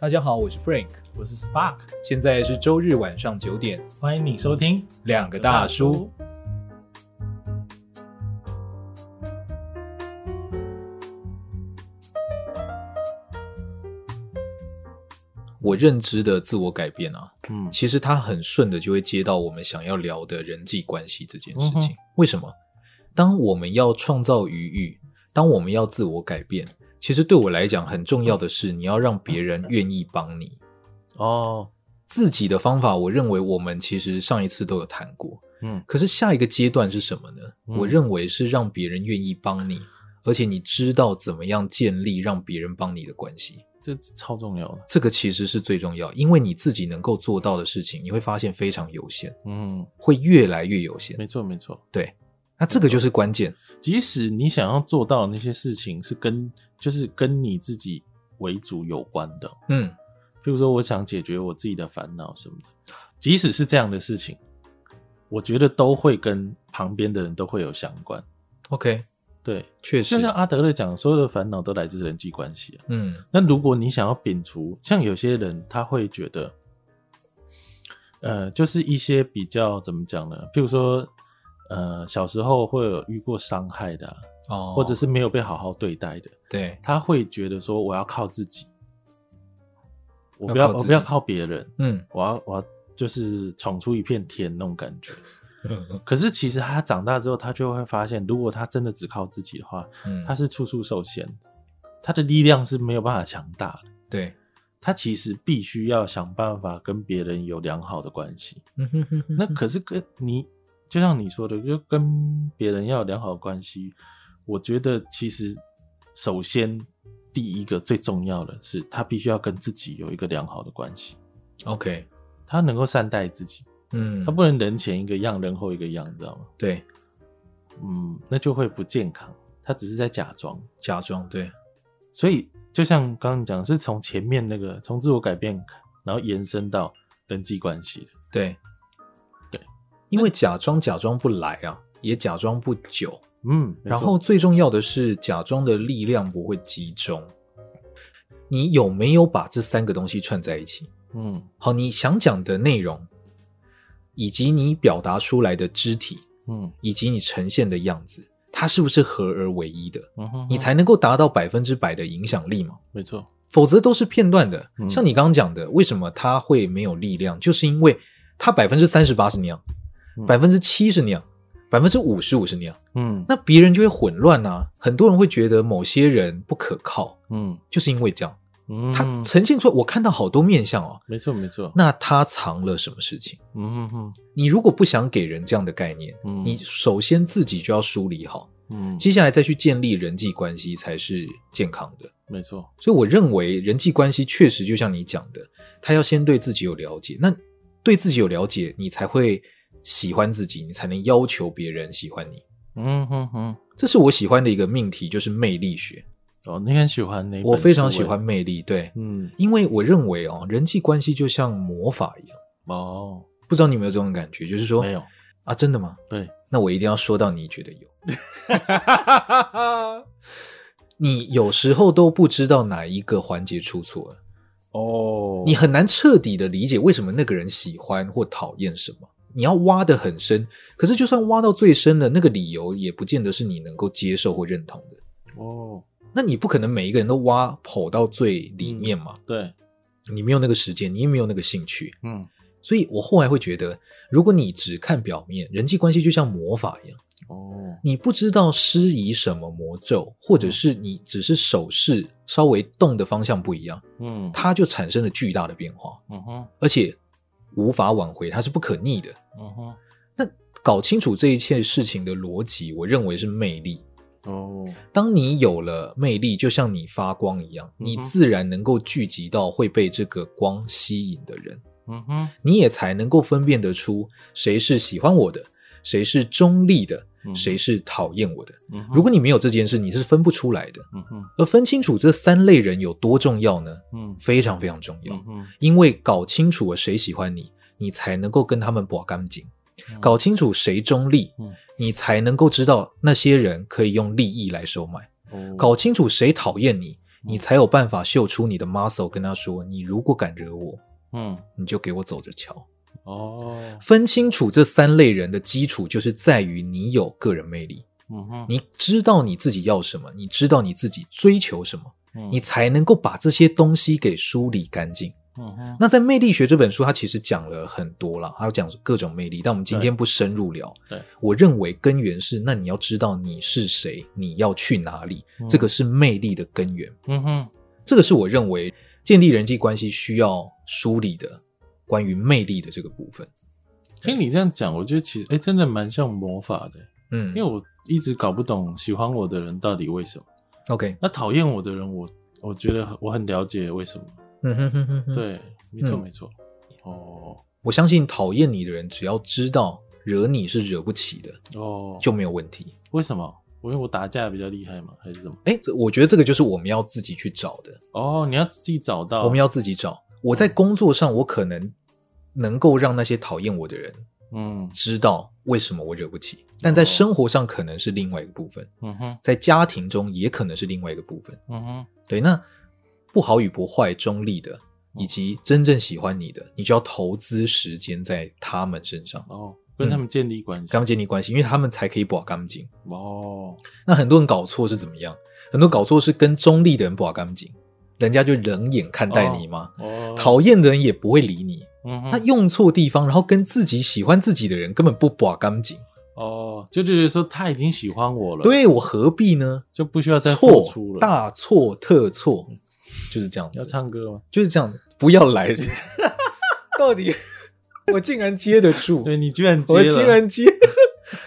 大家好，我是 Frank，我是 Spark，現在是周日晚上九點，歡迎你收聽兩個大叔。嗯、我認知的自我改變啊，嗯，其實它很順的就會接到我們想要聊的人際關係這件事情。嗯、哼為什麼？當我們要創造餘裕，當我們要自我改變。其實對我來講很重要的是，你要讓別人願意幫你。哦，自己的方法，我認為我們其實上一次都有談過。嗯，可是下一個階段是什麼呢？我認為是讓別人願意幫你，而且你知道怎麼樣建立讓別人幫你的關係，這超重要的。這個其實是最重要，因為你自己能夠做到的事情，你會發現非常有限。嗯，會越來越有限。沒錯，沒錯，對。那這個就是關鍵，即使你想要做到那些事情是跟就是跟你自己為主有關的，嗯，譬如說我想解決我自己的煩惱什麼的，即使是這樣的事情，我覺得都會跟旁邊的人都會有相關。OK，對，確實，就像阿德勒講，所有的煩惱都來自人際關係啊。嗯，那如果你想要摒除，像有些人他會覺得，呃，就是一些比較怎麼講呢？譬如說。呃，小時候會有遇過傷害的，或者是沒有被好好對待的，對，他會覺得說我要靠自己，我不要我不要靠別人，嗯，我要我要就是闖出一片天那種感覺。可是其實他長大之後，他就會發現，如果他真的只靠自己的話，嗯，他是處處受限，他的力量是沒有辦法強大的。對，他其實必須要想辦法跟別人有良好的關係。嗯，那可是跟你。就像你說的，就跟別人要有良好的關係。我覺得其實首先第一個最重要的是，他必須要跟自己有一個良好的關係。OK，他能夠善待自己。嗯，他不能人前一個樣，人後一個樣，你知道嗎？對，嗯，那就會不健康。他只是在假裝，假裝。對，所以就像剛剛講，是從前面那個從自我改變，然後延伸到人際關係。對。因為假裝假裝不來啊，也假裝不久，嗯。然後最重要的是，假裝的力量不會集中。你有沒有把這三個東西串在一起？嗯。好，你想講的內容，以及你表達出來的肢體，嗯，以及你呈現的樣子，它是不是合而為一的？嗯哼哼，你才能夠達到百分之百的影響力嘛。沒錯，否則都是片段的。嗯，像你剛剛講的，為什麼他會沒有力量？就是因為他百分之三十八是那樣。百分之七是那樣，百分之五十五是那樣，嗯，那別人就會混亂啊。很多人會覺得某些人不可靠，嗯，就是因為這樣，嗯，他呈現出來，我看到好多面向哦、啊，沒錯沒錯。那他藏了什麼事情？嗯哼哼，你如果不想給人這樣的概念，嗯，你首先自己就要梳理好，嗯，接下來再去建立人際關係才是健康的，沒錯。所以我認為人際關係確實就像你講的，他要先對自己有了解，那對自己有了解，你才會，喜歡自己，你才能要求別人喜歡你。嗯哼哼，嗯嗯、這是我喜歡的一個命題，就是魅力學。哦，你很喜歡那個？我非常喜歡魅力。欸、對，嗯，因為我認為哦，人際關係就像魔法一樣。哦，不知道你有沒有這種感覺？就是說，沒有啊，真的嗎？對，那我一定要說到你覺得有。 你有時候都不知道哪一個環節出錯了。哦，你很難徹底的理解為什麼那個人喜歡或討厭什麼。你要挖得很深，可是就算挖到最深了，那個理由也不見得是你能夠接受或認同的。哦，那你不可能每一個人都挖剖到最裡面嘛？嗯、對，你沒有那個時間，你也沒有那個興趣。嗯，所以我後來會覺得，如果你只看表面，人際關係就像魔法一樣。哦，你不知道施以什麼魔咒，或者是你只是手勢稍微動的方向不一樣，嗯，它就產生了巨大的變化。嗯哼，而且。無法挽回，它是不可逆的。嗯哼。那搞清楚這一切事情的邏輯，我認為是魅力。哦，當你有了魅力，就像你發光一樣，你自然能夠聚集到會被這個光吸引的人。嗯哼。你也才能夠分辨得出誰是喜歡我的，誰是中立的。誰是討厭我的？如果你沒有這件事，你是分不出來的。而分清楚這三類人有多重要呢？非常非常重要。因為搞清楚了誰喜歡你，你才能夠跟他們綁更緊；搞清楚誰中立，你才能夠知道那些人可以用利益來收買；搞清楚誰討厭你，你才有辦法秀出你的 muscle，跟他說：你如果敢惹我，你就給我走着瞧。哦，oh. 分清楚這三類人的基礎就是在於你有個人魅力，uh huh. 你知道你自己要什麼，你知道你自己追求什麼，uh huh. 你才能夠把這些東西給梳理乾淨。嗯哼、uh，huh. 那在《魅力學》這本書，它其實講了很多了，它有講各種魅力，但我們今天不深入聊。對、uh，huh. 我認為根源是，那你要知道你是誰，你要去哪裡，uh huh. 這個是魅力的根源。嗯哼、uh，huh. 這個是我認為建立人際關係需要梳理的。關於魅力的這個部分，聽你這樣講，我覺得其實哎、欸，真的蠻像魔法的。嗯，因為我一直搞不懂喜歡我的人到底為什麼。OK，那討厭我的人，我我覺得我很了解為什麼。嗯、哼哼哼，對，沒錯沒錯。嗯、哦，我相信討厭你的人，只要知道惹你是惹不起的哦，就沒有問題。為什麼？我因為我打架比較厲害嘛，還是怎麼？哎、欸，我覺得這個就是我們要自己去找的。哦，你要自己找到，我們要自己找。我在工作上，我可能。能夠讓那些討厭我的人，嗯，知道為什麼我惹不起，嗯、但在生活上可能是另外一個部分，嗯哼、哦，在家庭中也可能是另外一個部分，嗯哼，對，那不好與不壞、中立的，哦、以及真正喜歡你的，你就要投資時間在他們身上哦，跟他們建立關係，嗯、跟他們建立關係，因為他們才可以把乾淨哦。那很多人搞錯是怎麼樣？很多搞錯是跟中立的人把乾淨，人家就冷眼看待你嘛、哦？哦，討厭的人也不會理你。他用錯地方，然後跟自己喜歡自己的人根本不把乾淨哦，就就是說他已經喜歡我了，對我何必呢？就不需要再錯了，大錯特錯，就是這樣子。要唱歌嗎？就是這樣，不要來人。到底，我竟然接得住？對，你居然接。我竟然接，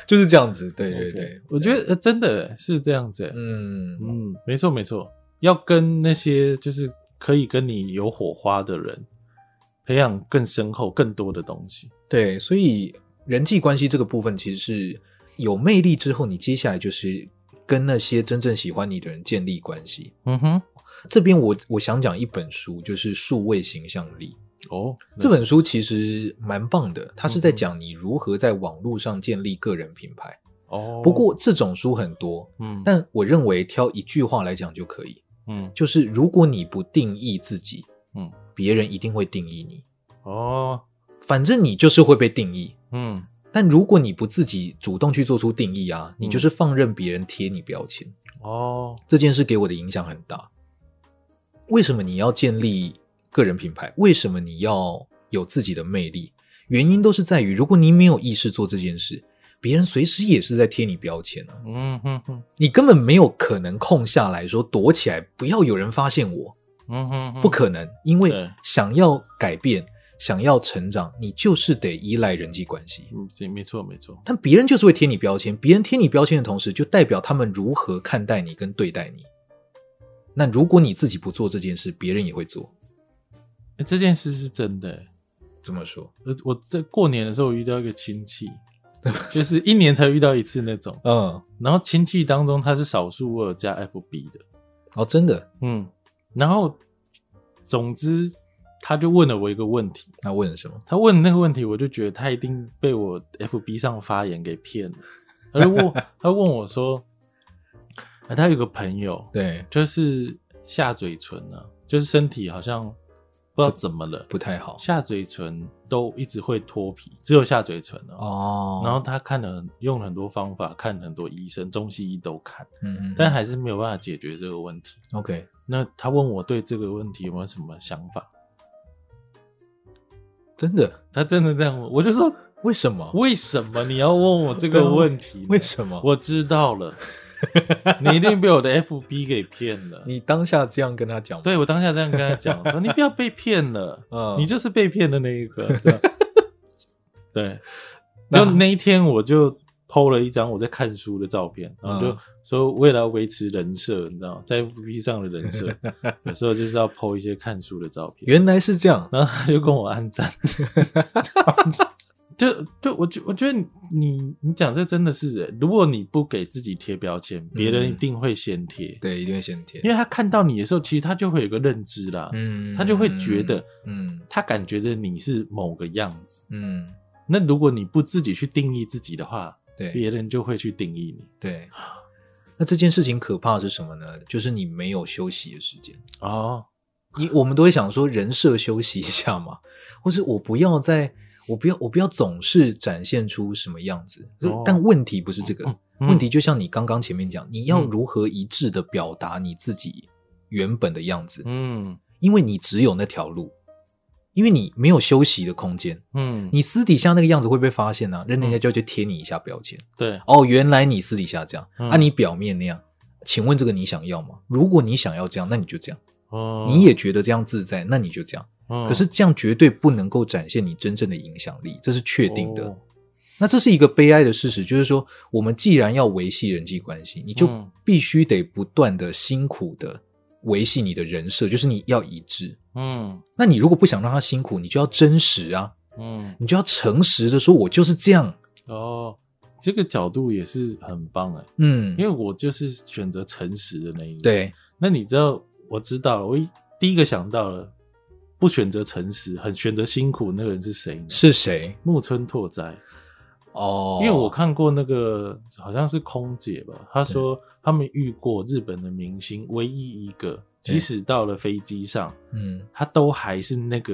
就是這樣子。對對對，我覺得真的是這樣子。嗯嗯，沒錯沒錯，要跟那些就是可以跟你有火花的人。培養更深厚、更多的東西，對，所以人際關係這個部分其實是有魅力之後，你接下來就是跟那些真正喜歡你的人建立關係。嗯哼，這邊我我想講一本書，就是《數位形象力》哦。這本書其實蠻棒的，它是在講你如何在網絡上建立個人品牌。哦、嗯，不過這種書很多，嗯，但我認為挑一句話來講就可以，嗯，就是如果你不定義自己，嗯。別人一定會定義你哦，反正你就是會被定義。嗯，但如果你不自己主動去做出定義啊，你就是放任別人貼你標籤哦。這件事給我的影響很大。為什麼你要建立個人品牌？為什麼你要有自己的魅力？原因都是在於，如果你沒有意識做這件事，別人隨時也是在貼你標籤啊。嗯哼哼，你根本沒有可能空下來說躲起來，不要有人發現我。嗯哼，不可能，因為想要改變，對想要成長，你就是得依賴人際關係。嗯，沒錯，沒錯。沒但別人就是會貼你標籤，別人貼你標籤的同時，就代表他們如何看待你跟對待你。那如果你自己不做這件事，別人也會做。欸，這件事是真的欸。怎麼說？我在過年的時候，我遇到一個親戚， 就是一年才遇到一次那種。嗯，然後親戚當中，他是少數我有加 FB 的。哦，真的？嗯。然後，總之，他就問了我一個問題。他問了什麼？他問那個問題，我就覺得他一定被我 FB 上發言給騙了。他問， 他問我說，啊、他有個朋友，對，就是下嘴唇啊，就是身體好像。不知道怎麼了，不太好。下嘴唇都一直會脫皮，只有下嘴唇哦。然後他看了用很多方法，看很多醫生，中西醫都看，嗯，嗯，但還是沒有辦法解決這個問題。OK，那他問我對這個問題有沒有什麼想法？真的，他真的這樣問，我就說，為什麼？為什麼你要問我這個問題？為什麼？我知道了。 你一定被我的 FB 給騙了。你當下這樣跟他講，對我當下這樣跟他講，說你不要被騙了， 你就是被騙的那一個。 對，就那一天我就 po 了一張我在看書的照片，然後就說為了要維持人設，你知道嗎？在 FB 上的人設， 有時候就是要 po 一些看書的照片。原來是這樣，然後他就跟我按讚。 就對，我覺我覺得你你講這真的是，如果你不給自己貼標籤，別人一定會先貼。對、嗯，一定會先貼，因為他看到你的時候，其實他就會有個認知啦。嗯，他就會覺得，嗯，他感覺的你是某個樣子，嗯。那如果你不自己去定義自己的話，對，別人就會去定義你。對，那這件事情可怕的是什麼呢？就是你沒有休息的時間哦，你我們都會想說，人設休息一下嘛，或是我不要再。我不要，我不要總是展現出什麼樣子。哦、但問題不是這個、嗯嗯、問題，就像你剛剛前面講，你要如何一致的表達你自己原本的樣子？嗯，因為你只有那條路，因為你沒有休息的空間。嗯，你私底下那個樣子會不會被發現呢、啊，人家就要去貼你一下標籤。嗯、對，哦，原來你私底下這樣，按、啊、你表面那樣，嗯、請問這個你想要嗎？如果你想要這樣，那你就這樣。哦，你也覺得這樣自在，那你就這樣。嗯、可是這樣絕對不能夠展現你真正的影響力，這是確定的。哦、那這是一個悲哀的事實，就是說，我們既然要維繫人際關係，你就必須得不斷的辛苦的維繫你的人設，嗯、就是你要一致。嗯，那你如果不想讓他辛苦，你就要真實啊。嗯，你就要誠實的說，我就是這樣。哦，這個角度也是很棒的、欸。嗯，因為我就是選擇誠實的那一個。對，那你知道，我知道了，我第一個想到了。不選擇誠實，很選擇辛苦。那個人是誰呢？是誰誰？木村拓哉。哦，oh. 因為我看過那個，好像是空姐吧。他說他們遇過日本的明星，唯一一個對即使到了飛機上，嗯對，他都還是那個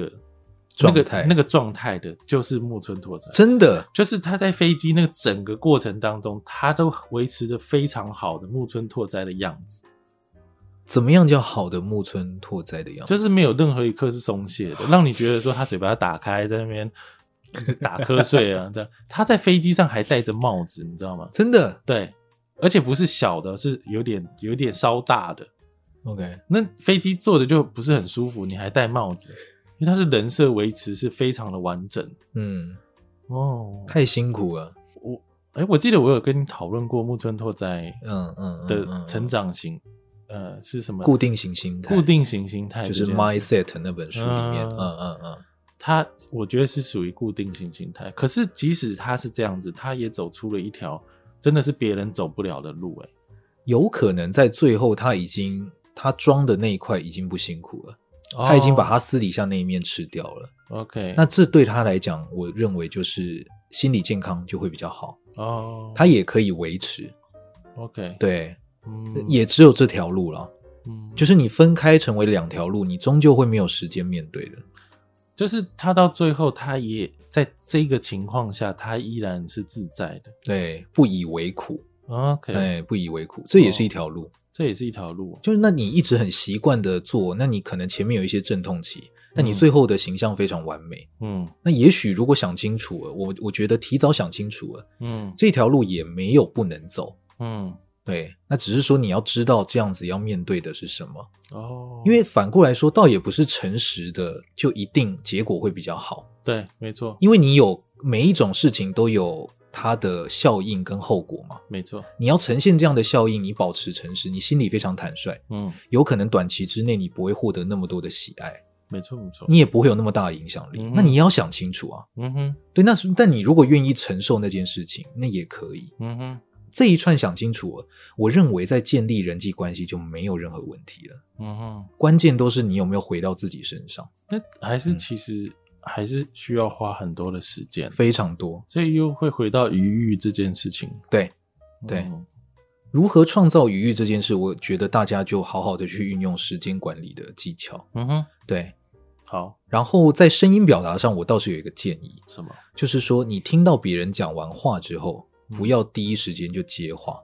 狀態，嗯那個，那個狀態的，就是木村拓哉。真的，就是他在飛機那個整個過程當中，他都維持着非常好的木村拓哉的樣子。怎麼樣叫好的木村拓哉的樣子？就是沒有任何一刻是鬆懈的，讓你覺得說他嘴巴要打開在那邊打瞌睡啊。 這樣，他在飛機上還戴着帽子，你知道嗎？真的，對，而且不是小的，是有點有點稍大的。OK，那飛機坐的就不是很舒服，你還戴帽子，因為他的人設維持是非常的完整。嗯，哦，oh, 太辛苦了。我哎、欸，我記得我有跟你討論過木村拓哉，嗯嗯的成長型。嗯嗯嗯嗯嗯呃，是什麼固定型心態？固定型心態就是 mindset 那本書裡面，嗯嗯嗯，他、嗯嗯嗯、我覺得是屬於固定型心態。可是即使他是這樣子，他也走出了一條真的是別人走不了的路。哎，有可能在最後他已經他裝的那一塊已經不辛苦了，他已經把他私底下那一面吃掉了。Oh, OK，那這對他來講，我認為就是心理健康就會比較好。哦，他也可以維持。OK，對。嗯、也只有這條路了，嗯，就是你分開成為兩條路，你終究會沒有時間面對的。就是他到最後，他也在這個情況下，他依然是自在的，對，不以為苦。Okay，對，不以為苦，這也是一條路，哦，這也是一條路。就是那你一直很習慣的做，那你可能前面有一些陣痛期，嗯、那你最後的形象非常完美。嗯，那也許如果想清楚了，我我覺得提早想清楚了，嗯，這條路也沒有不能走。嗯。對，那只是說你要知道這樣子要面對的是什麼哦，oh. 因為反過來說，倒也不是誠實的，就一定結果會比較好。對，沒錯，因為你有每一種事情都有它的效應跟後果嘛。沒錯，你要呈現這樣的效應，你保持誠實，你心裡非常坦率，嗯，有可能短期之內你不會獲得那麼多的喜愛，沒錯沒錯，沒錯，你也不會有那麼大的影響力。嗯哼，那你要想清楚啊，嗯哼，對，那是，但你如果願意承受那件事情，那也可以，嗯哼。這一串想清楚了，我認為在建立人際關係就沒有任何問題了。嗯哼，關鍵都是你有沒有回到自己身上。那還是其實、嗯、還是需要花很多的時間，非常多。所以又會回到餘裕這件事情。對，對，嗯哼，如何創造餘裕這件事，我覺得大家就好好的去運用時間管理的技巧。嗯哼，對，好。然後在聲音表達上，我倒是有一個建議，什麼？就是說你聽到別人講完話之後。不要第一時間就接話，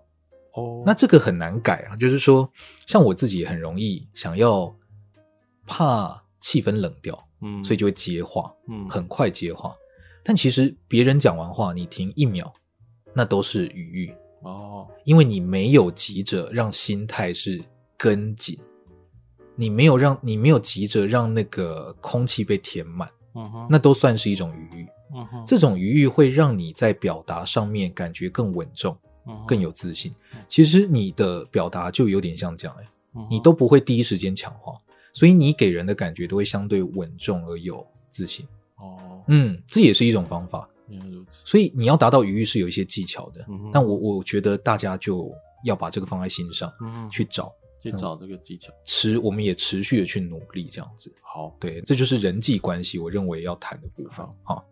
哦，那這個很難改啊。就是說，像我自己很容易想要怕氣氛冷掉，嗯，所以就會接話，嗯，很快接話。嗯、但其實別人講完話，你停一秒，那都是餘裕哦，因為你沒有急着讓心態是跟緊，你沒有讓你沒有急着讓那個空氣被填滿，嗯哼，那都算是一種餘裕。這種餘裕會讓你在表達上面感覺更穩重，更有自信。其實你的表達就有點像這樣，哎，你都不會第一時間強化，所以你給人的感覺都會相對穩重而有自信。哦，嗯，這也是一種方法。所以你要達到餘裕是有一些技巧的。嗯哼。但我我覺得大家就要把這個放在心上，嗯，去找，去找這個技巧。持，我們也持續的去努力這樣子。好，對，這就是人際關係，我認為要談的部分。好。